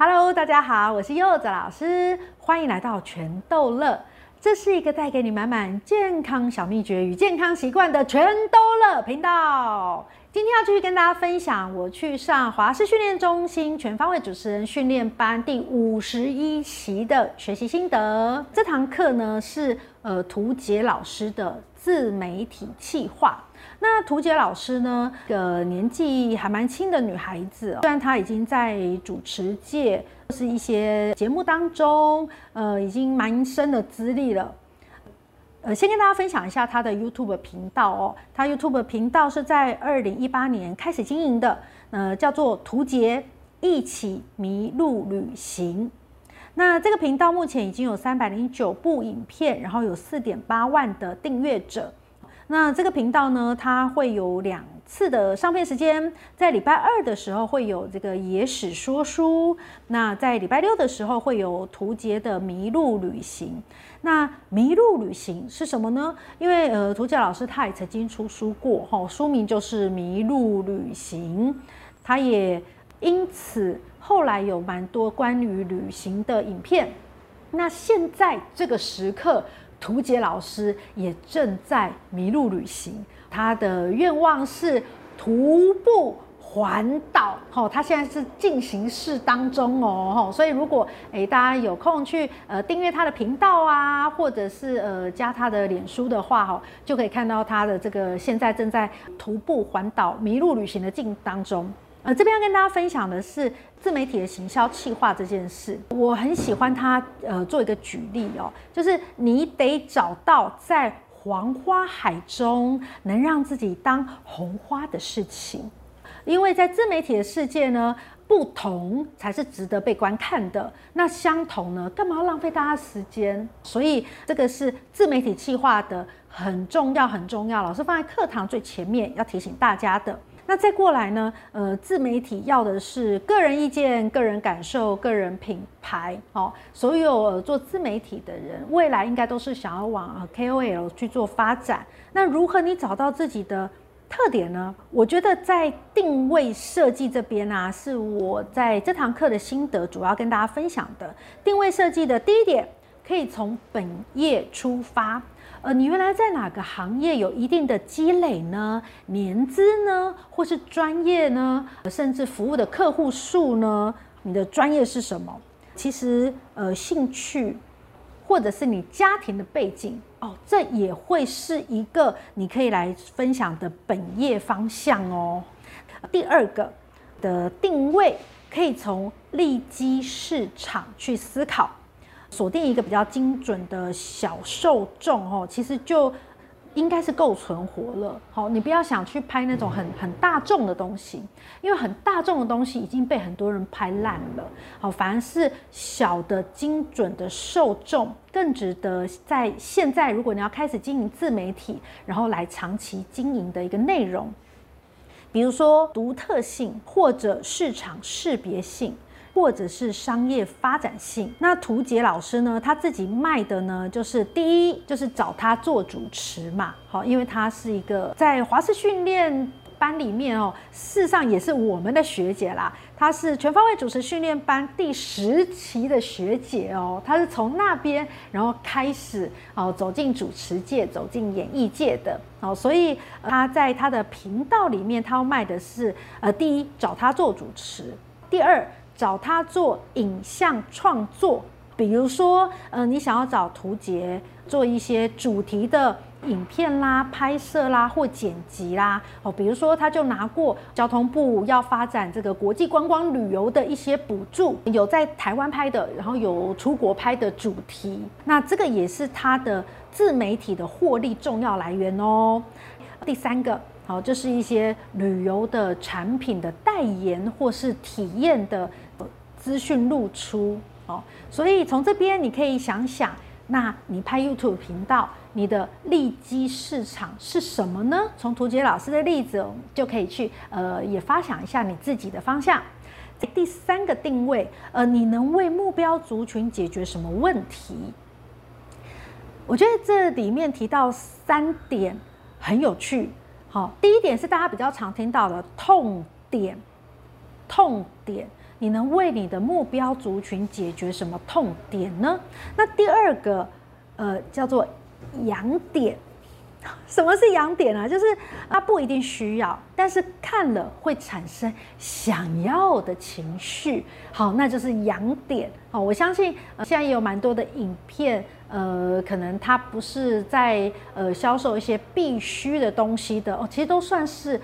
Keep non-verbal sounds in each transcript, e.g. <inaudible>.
Hello，大家好，我是柚子老師，歡迎來到全豆樂。這是一個帶給你滿滿健康小秘訣與健康習慣的全豆樂頻道。今天要繼續跟大家分享，我去上華視訓練中心全方位主持人訓練班第五十一期的學習心得。這堂課呢，是呃圖杰老師的自媒體企劃。那涂杰老師呢，個年紀還蠻輕的女孩子、哦，雖然她已經在主持界、是一些節目當中，呃，已經蠻深的資歷了。呃，先跟大家分享一下她的 YouTube 頻道哦。她 YouTube 頻道是在二零一八年開始經營的，呃，叫做“涂杰一起迷路旅行”。那這個頻道目前已經有三百零九部影片，然後有四點八萬的訂閱者。那這個頻道呢，它會有兩次的上片時間，在禮拜二的時候會有這個野史說書，那在禮拜六的時候會有圖杰的迷路旅行。那迷路旅行是什麼呢？因為呃，圖杰老師他也曾經出書過，書名就是《迷路旅行》，他也因此後來有蠻多關於旅行的影片。那現在這個時刻。圖杰老師也正在迷路旅行，他的願望是徒步環島，哦，他現在是進行式當中哦，哦所以如果，欸、大家有空去呃訂閱他的頻道啊，或者是呃加他的臉書的話，哦，就可以看到他的這個現在正在徒步環島迷路旅行的進當中。呃，這邊要跟大家分享的是。自媒體的行銷企劃這件事，我很喜歡他呃做一個舉例哦，就是你得找到在黃花海中能讓自己當紅花的事情，因為在自媒體的世界呢，不同才是值得被觀看的，那相同呢，幹嘛要浪費大家時間？所以這個是自媒體企劃的很重要、很重要，老師放在課堂最前面要提醒大家的。那再過來呢？呃，自媒體要的是個人意見、個人感受、個人品牌。哦，所有做自媒體的人，未來應該都是想要往 KOL 去做發展。那如何你找到自己的特點呢？我覺得在定位設計這邊呢，啊，是我在這堂課的心得，主要跟大家分享的。定位設計的第一點，可以從本業出發。呃，你原來在哪個行業有一定的積累呢？年資呢？或是專業呢？甚至服務的客戶數呢？你的專業是什麼？其實，呃，興趣，或者是你家庭的背景哦，這也會是一個你可以來分享的本業方向哦。第二個的定位可以從利基市場去思考。鎖定一個比較精準的小受眾，其實就應該是夠存活了。好，你不要想去拍那種很很大眾的東西，因為很大眾的東西已經被很多人拍爛了。好，反而是小的精準的受眾更值得在現在，如果你要開始經營自媒體，然後來長期經營的一個內容，比如說獨特性或者市場識別性。或者是商業發展性，那圖杰老師呢？他自己賣的呢，就是第一就是找他做主持嘛，好、哦，因為他是一個在華視訓練班裡面哦，事實上也是我們的學姐啦。她是全方位主持訓練班第十期的學姐哦，她是從那邊然後開始哦走進主持界，走進演藝界的哦，所以、呃、他在他的頻道裡面，他要賣的是呃，第一找他做主持，第二。找他做影像創作，比如說，呃，你想要找圖杰做一些主題的影片啦、拍攝啦或剪輯啦，哦，比如說他就拿過交通部要發展這個國際觀光旅遊的一些補助，有在台灣拍的，然後有出國拍的主題，那這個也是他的自媒體的獲利重要來源哦。第三個，好、哦，就是一些旅遊的產品的代言或是體驗的，資訊露出，哦，所以從這邊你可以想想，那你拍 YouTube 頻道，你的利基市場是什麼呢？從圖杰老師的例子我們，就可以去，呃，也發想一下你自己的方向。第三個定位，呃，你能為目標族群解決什麼問題？我覺得這裡面提到三點很有趣，好、哦，第一點是大家比較常聽到的痛點，痛點。你能為你的目標族群解決什麼痛點呢？那第二個，呃，叫做癢點。什麼是癢點啊？就是它不一定需要，但是看了會產生想要的情緒。好，那就是癢點。好，我相信，呃，現在也有蠻多的影片，呃，可能它不是在，呃，銷售一些必須的東西的哦，其實都算是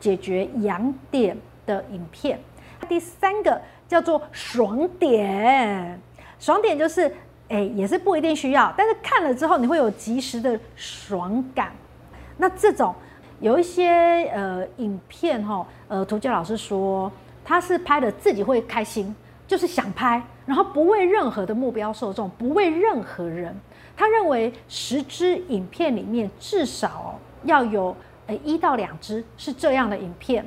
解決癢點的影片。第三個叫做爽點，爽點就是，哎、欸，也是不一定需要，但是看了之後你會有即時的爽感。那這種有一些呃影片哈，呃，涂教、呃、老師說他是拍的自己會開心，就是想拍，然後不為任何的目標受眾，不為任何人。他認為十支影片裡面至少要有呃、欸、一到兩支是這樣的影片，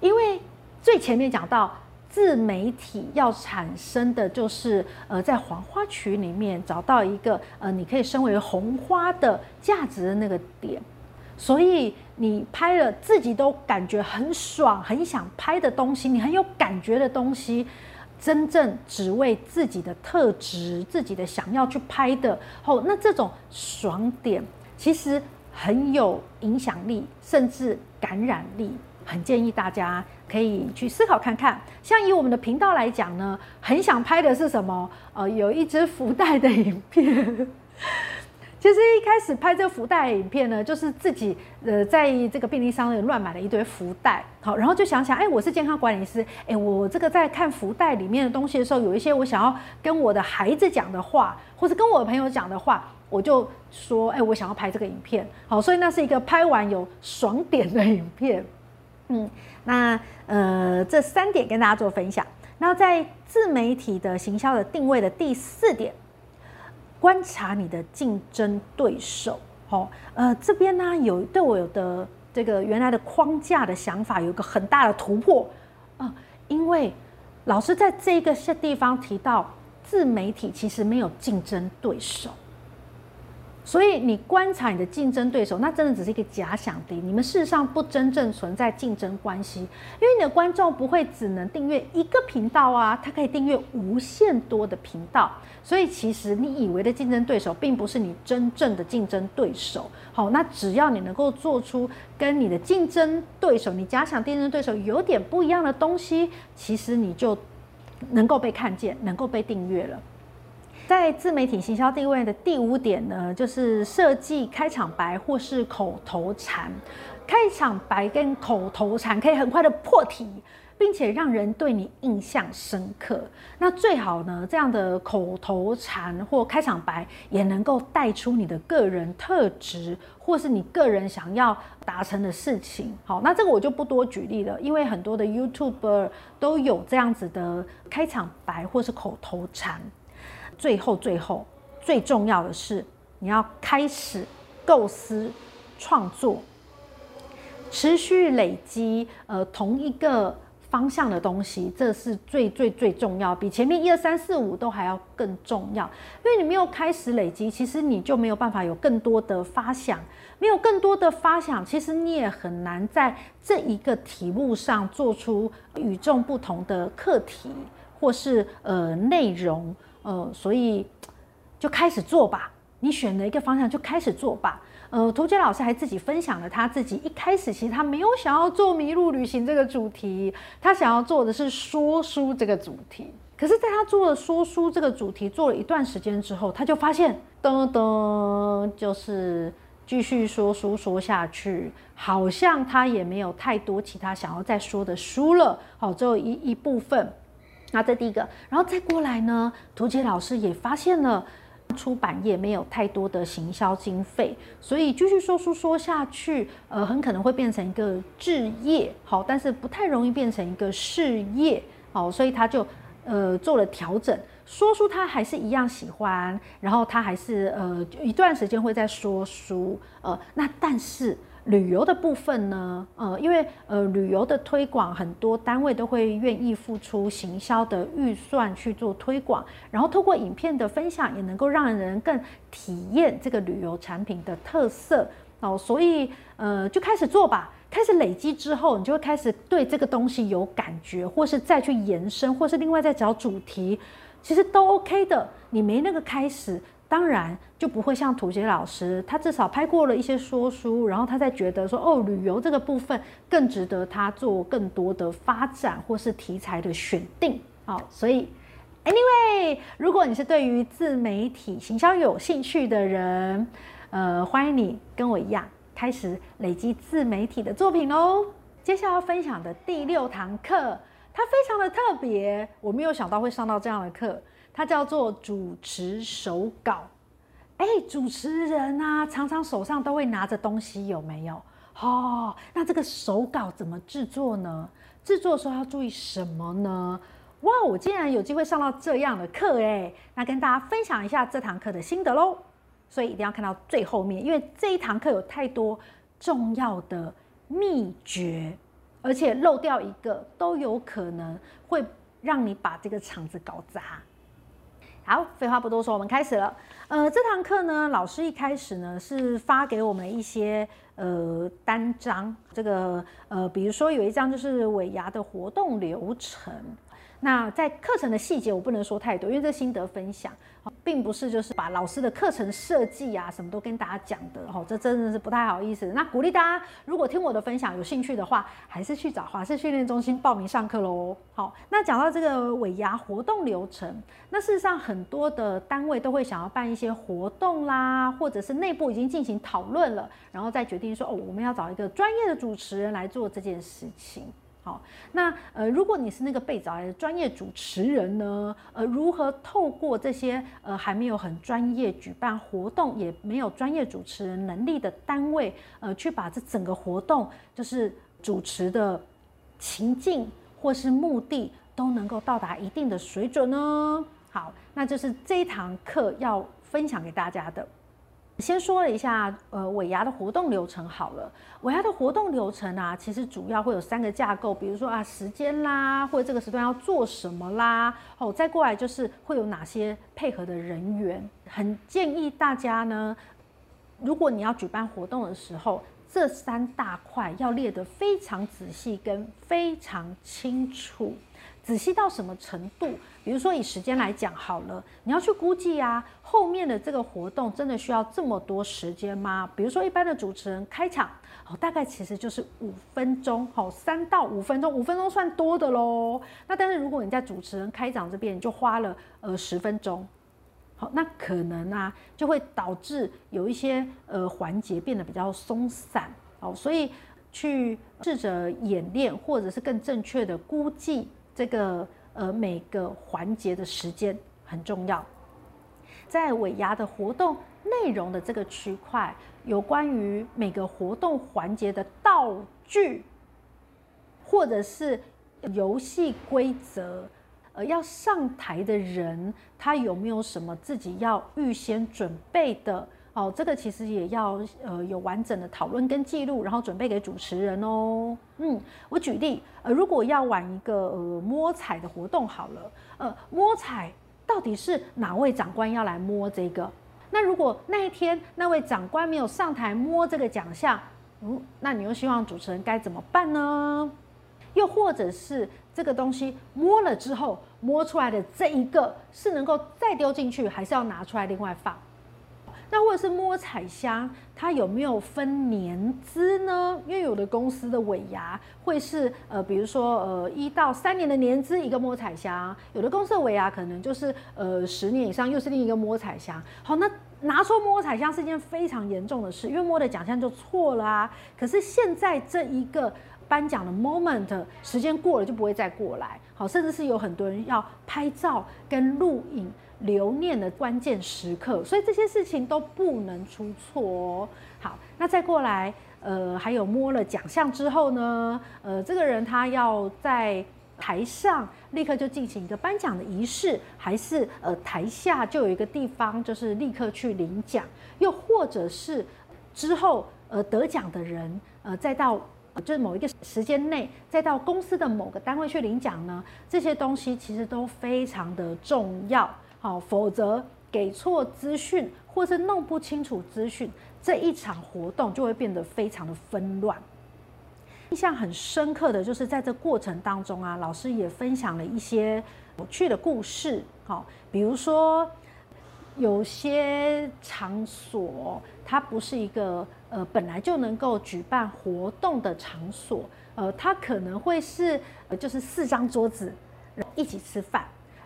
因為。最前面講到自媒體要產生的就是，呃，在黃花區裡面找到一個呃，你可以升為紅花的價值的那個點，所以你拍了自己都感覺很爽，很想拍的東西，你很有感覺的東西，真正只為自己的特質、自己的想要去拍的，後那這種爽點其實很有影響力，甚至感染力，很建議大家。可以去思考看看，像以我們的頻道來講呢，很想拍的是什麼？呃，有一支福袋的影片。其 <laughs> 實一開始拍這個福袋的影片呢，就是自己呃在這個便利商店亂買了一堆福袋，好，然後就想想，哎、欸，我是健康管理師，哎、欸，我這個在看福袋裡面的東西的時候，有一些我想要跟我的孩子講的話，或是跟我的朋友講的話，我就說，哎、欸，我想要拍這個影片，好，所以那是一個拍完有爽點的影片。嗯，那呃，這三點跟大家做分享。那在自媒體的行銷的定位的第四點，觀察你的競爭對手。哦，呃，這邊呢，啊，有對我有的這個原來的框架的想法有個很大的突破啊，呃，因為老師在這個些地方提到，自媒體其實沒有競爭對手。所以你觀察你的競爭對手，那真的只是一個假想敵。你們事實上不真正存在競爭關係，因為你的觀眾不會只能訂閱一個頻道啊，他可以訂閱無限多的頻道。所以其實你以為的競爭對手，並不是你真正的競爭對手。好，那只要你能夠做出跟你的競爭對手，你假想競爭對手有點不一樣的東西，其實你就能夠被看見，能夠被訂閱了。在自媒體行銷定位的第五點呢，就是設計開場白或是口頭禪。開場白跟口頭禪可以很快的破題，並且讓人對你印象深刻。那最好呢，這樣的口頭禪或開場白也能夠帶出你的個人特質，或是你個人想要達成的事情。好，那這個我就不多舉例了，因為很多的 YouTuber 都有這樣子的開場白或是口頭禪。最後，最後，最重要的是，你要開始構思、創作，持續累積呃同一個方向的東西，這是最最最重要，比前面一二三四五都還要更重要。因為你沒有開始累積，其實你就沒有辦法有更多的發想，沒有更多的發想，其實你也很難在這一個題目上做出與眾不同的課題或是呃內容。呃、嗯，所以就開始做吧。你選了一個方向，就開始做吧。呃、嗯，涂杰老師還自己分享了他自己一開始，其實他沒有想要做迷路旅行這個主題，他想要做的是說書這個主題。可是，在他做了說書這個主題做了一段時間之後，他就發現，噔噔，就是繼續說書說下去，好像他也沒有太多其他想要再說的書了。好，最後一一部分。那這第一個，然後再過來呢？圖杰老師也發現了，出版業沒有太多的行銷經費，所以繼續說書說下去，呃，很可能會變成一個職業，好，但是不太容易變成一個事業，好，所以他就呃做了調整，說書他還是一樣喜歡，然後他還是呃一段時間會在說書，呃，那但是。旅遊的部分呢，呃，因為呃旅遊的推廣，很多單位都會願意付出行銷的預算去做推廣，然後透過影片的分享，也能夠讓人更體驗這個旅遊產品的特色哦，所以呃就開始做吧，開始累積之後，你就會開始對這個東西有感覺，或是再去延伸，或是另外再找主題，其實都 OK 的，你沒那個開始。當然就不會像塗寫老師，他至少拍過了一些說書，然後他才覺得說哦，旅遊這個部分更值得他做更多的發展或是題材的選定。好、哦，所以 anyway，如果你是對於自媒體行銷有興趣的人，呃，歡迎你跟我一樣開始累積自媒體的作品嘍、哦。接下來要分享的第六堂課，它非常的特別，我沒有想到會上到這樣的課。它叫做主持手稿，哎，主持人吶，啊，常常手上都會拿着東西，有沒有？哦，那這個手稿怎麼製作呢？製作的時候要注意什麼呢？哇，我竟然有機會上到這樣的課，哎，那跟大家分享一下這堂課的心得嘍。所以一定要看到最後面，因為這一堂課有太多重要的秘訣，而且漏掉一個都有可能會讓你把這個場子搞砸。好，廢話不多說，我們開始了。呃，這堂課呢，老師一開始呢是發給我們一些呃單張，這個呃，比如說有一張就是尾牙的活動流程。那在課程的細節，我不能說太多，因為這心得分享，並不是就是把老師的課程設計啊，什麼都跟大家講的哈，這真的是不太好意思。那鼓勵大家，如果聽我的分享有興趣的話，還是去找華視訓練中心報名上課嘍。好，那講到這個尾牙活動流程，那事實上很多的單位都會想要辦一些活動啦，或者是內部已經進行討論了，然後再決定說哦，我們要找一個專業的主持人來做這件事情。好，那呃，如果你是那個被找來的專業主持人呢？呃，如何透過這些呃還沒有很專業舉辦活動，也沒有專業主持人能力的單位，呃，去把這整個活動，就是主持的情境或是目的，都能夠到達一定的水準呢？好，那就是這一堂課要分享給大家的。先說了一下，呃，尾牙的活動流程好了。尾牙的活動流程啊，其實主要會有三個架構，比如說啊，時間啦，或者這個時段要做什麼啦，哦，再過來就是會有哪些配合的人員。很建議大家呢，如果你要舉辦活動的時候，這三大塊要列得非常仔細跟非常清楚。仔細到什麼程度？比如說以時間來講好了，你要去估計啊，後面的這個活動真的需要這麼多時間嗎？比如說一般的主持人開場，哦，大概其實就是五分鐘，好、哦，三到五分鐘，五分鐘算多的嘍。那但是如果你在主持人開場這邊就花了呃十分鐘，好、哦，那可能啊就會導致有一些呃環節變得比較鬆散哦，所以去試着演練或者是更正確的估計。這個呃，每個環節的時間很重要，在尾牙的活動內容的這個區塊，有關於每個活動環節的道具，或者是遊戲規則，呃，要上台的人他有沒有什麼自己要預先準備的？哦，這個其實也要呃有完整的討論跟記錄，然後準備給主持人哦。嗯，我舉例，呃，如果要玩一個呃摸彩的活動好了，呃，摸彩到底是哪位長官要來摸這個？那如果那一天那位長官沒有上台摸這個獎項，嗯，那你又希望主持人該怎麼辦呢？又或者是這個東西摸了之後，摸出來的這一個是能夠再丟進去，還是要拿出來另外放？那或者是摸彩箱，它有沒有分年資呢？因為有的公司的尾牙會是呃，比如說呃一到三年的年資一個摸彩箱，有的公司的尾牙可能就是呃十年以上又是另一個摸彩箱。好，那拿出摸彩箱是件非常嚴重的事，因為摸的獎項就錯了啊。可是現在這一個頒獎的 moment 時間過了就不會再過來。好，甚至是有很多人要拍照跟錄影留念的關鍵時刻，所以這些事情都不能出錯哦。好，那再過來，呃，還有摸了獎項之後呢，呃，這個人他要在臺上立刻就進行一個頒獎的儀式，還是呃臺下就有一個地方就是立刻去領獎，又或者是之後呃得獎的人呃再到。就是某一個時間內，再到公司的某個單位去領獎呢，這些東西其實都非常的重要。好，否則給錯資訊，或是弄不清楚資訊，這一場活動就會變得非常的紛亂。印象很深刻的就是在這過程當中啊，老師也分享了一些有趣的故事。好，比如說有些場所它不是一個。呃，本來就能夠舉辦活動的場所，呃，他可能會是，呃、就是四張桌子一起吃飯，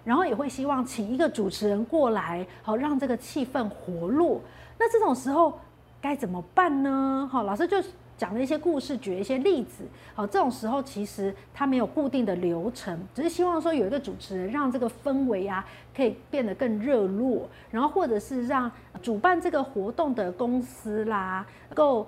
然後也會希望請一個主持人過來，好、哦、讓這個氣氛活絡。那這種時候該怎麼辦呢？哈、哦，老師就是。講的一些故事，舉一些例子，好，這種時候其實它沒有固定的流程，只是希望說有一個主持人，讓這個氛圍啊可以變得更熱絡，然後或者是讓主辦這個活動的公司啦，能夠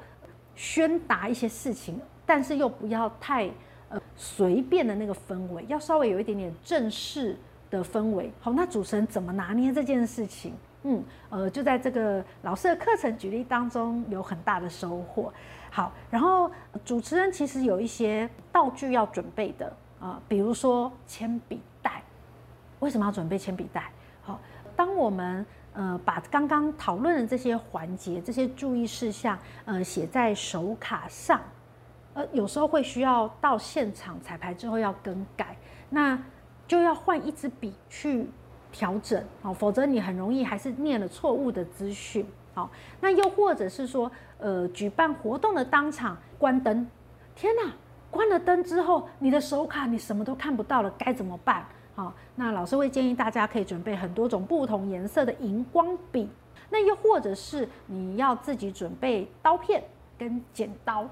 宣達一些事情，但是又不要太呃隨便的那個氛圍，要稍微有一點點正式的氛圍。好，那主持人怎麼拿捏這件事情？嗯，呃，就在這個老師的課程舉例當中，有很大的收穫。好，然後主持人其實有一些道具要準備的啊、呃，比如說鉛筆袋，為什麼要準備鉛筆袋？好、哦，當我們呃把剛剛討論的這些環節、這些注意事項呃寫在手卡上，呃有時候會需要到現場彩排之後要更改，那就要換一支筆去調整啊、哦，否則你很容易還是念了錯誤的資訊。好，那又或者是說，呃，舉辦活動的當場關燈，天吶，啊，關了燈之後，你的手卡你什麼都看不到了，該怎麼辦？好，那老師會建議大家可以準備很多種不同顏色的熒光筆，那又或者是你要自己準備刀片跟剪刀。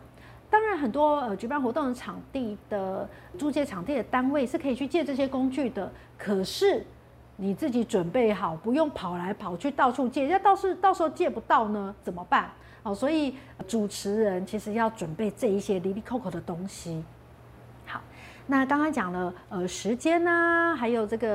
當然，很多呃舉辦活動的場地的租借場地的單位是可以去借這些工具的，可是，你自己準備好，不用跑來跑去到處借，要到時到時候借不到呢，怎麼辦？哦，所以主持人其實要準備這一些離離扣扣的東西。好，那剛剛講了，呃，時間啊，還有這個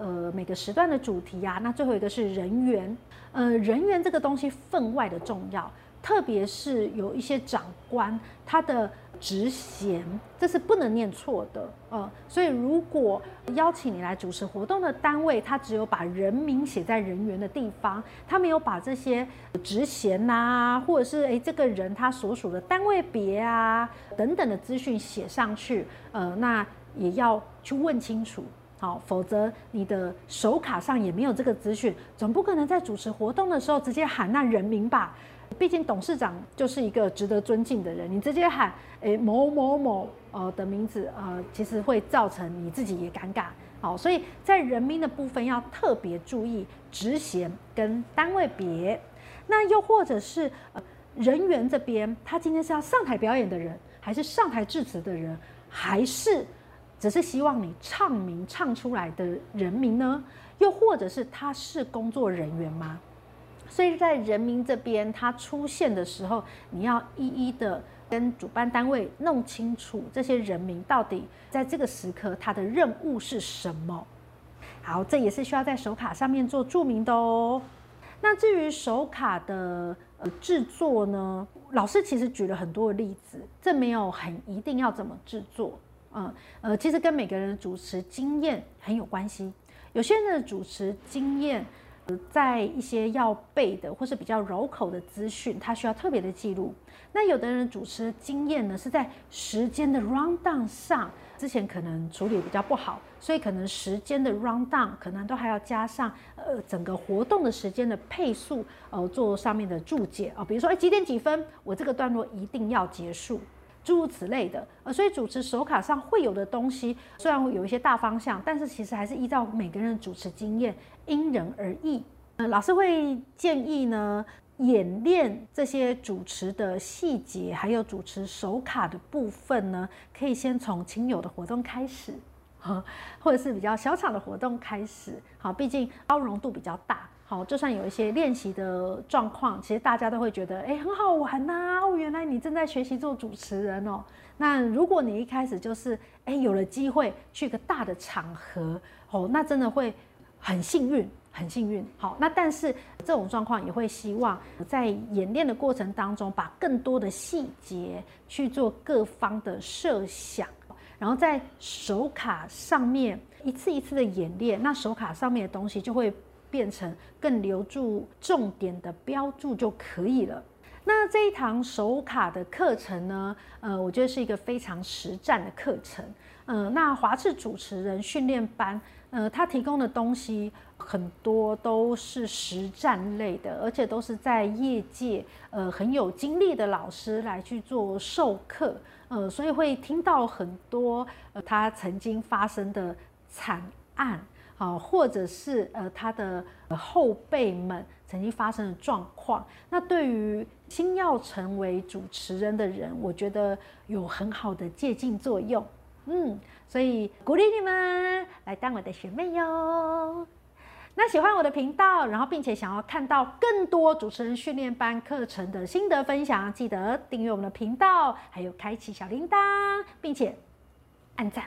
呃每個時段的主題啊，那最後一個是人員，呃，人員這個東西分外的重要，特別是有一些長官，他的。職銜這是不能念錯的呃，所以如果邀請你來主持活動的單位，他只有把人名寫在人員的地方，他沒有把這些職銜吶，或者是誒，這個人他所屬的單位別啊等等的資訊寫上去，呃，那也要去問清楚，好，哦，否則你的手卡上也沒有這個資訊，總不可能在主持活動的時候直接喊那人名吧。畢竟董事長就是一個值得尊敬的人，你直接喊誒、欸、某某某呃的名字呃，其實會造成你自己也尷尬。好，所以在人名的部分要特別注意職銜跟單位別。那又或者是、呃、人員這邊，他今天是要上台表演的人，還是上台致辭的人，還是只是希望你唱名唱出來的人名呢？又或者是他是工作人員嗎？所以在人民這邊，他出現的時候，你要一一的跟主辦單位弄清楚這些人名到底在這個時刻他的任務是什麼。好，這也是需要在手卡上面做注明的哦。那至於手卡的、呃、製作呢，老師其實舉了很多的例子，這沒有很一定要怎麼製作，嗯，呃，其實跟每個人的主持經驗很有關係，有些人的主持經驗。呃、在一些要背的或是比較繞口的資訊，它需要特別的記錄。那有的人主持經驗呢是在時間的 round down 上，之前可能處理比較不好，所以可能時間的 round down 可能都還要加上呃整個活動的時間的配速，呃做上面的注解啊、呃，比如說哎、欸、幾點幾分，我這個段落一定要結束。諸如此類的，呃，所以主持手卡上會有的東西，雖然會有一些大方向，但是其實還是依照每個人的主持經驗，因人而異。呃，老師會建議呢，演練這些主持的細節，還有主持手卡的部分呢，可以先從親友的活動開始，啊，或者是比較小場的活動開始，好，畢竟包容度比較大。好，就算有一些練習的狀況，其實大家都會覺得，誒，很好玩吶！哦，原來你正在學習做主持人哦。那如果你一開始就是，誒，有了機會去一個大的場合，哦，那真的會很幸運，很幸運。好，那但是這種狀況也會希望在演練的過程當中，把更多的細節去做各方的設想，然後在手卡上面一次一次的演練，那手卡上面的東西就會變成更留住重點的標注就可以了。那這一堂手卡的課程呢，呃，我覺得是一個非常實戰的課程。嗯、呃，那華視主持人訓練班，呃，他提供的東西很多都是實戰類的，而且都是在業界呃很有經歷的老師來去做授課。嗯、呃，所以會聽到很多呃他曾經發生的慘案。好，或者是呃，他的後輩們曾經發生的狀況，那對於新要成為主持人的人，我覺得有很好的借鑑作用。嗯，所以鼓勵你們來當我的學妹喲。那喜歡我的頻道，然後並且想要看到更多主持人訓練班課程的心得分享，記得訂閱我們的頻道，還有開啟小鈴鐺，並且按讚。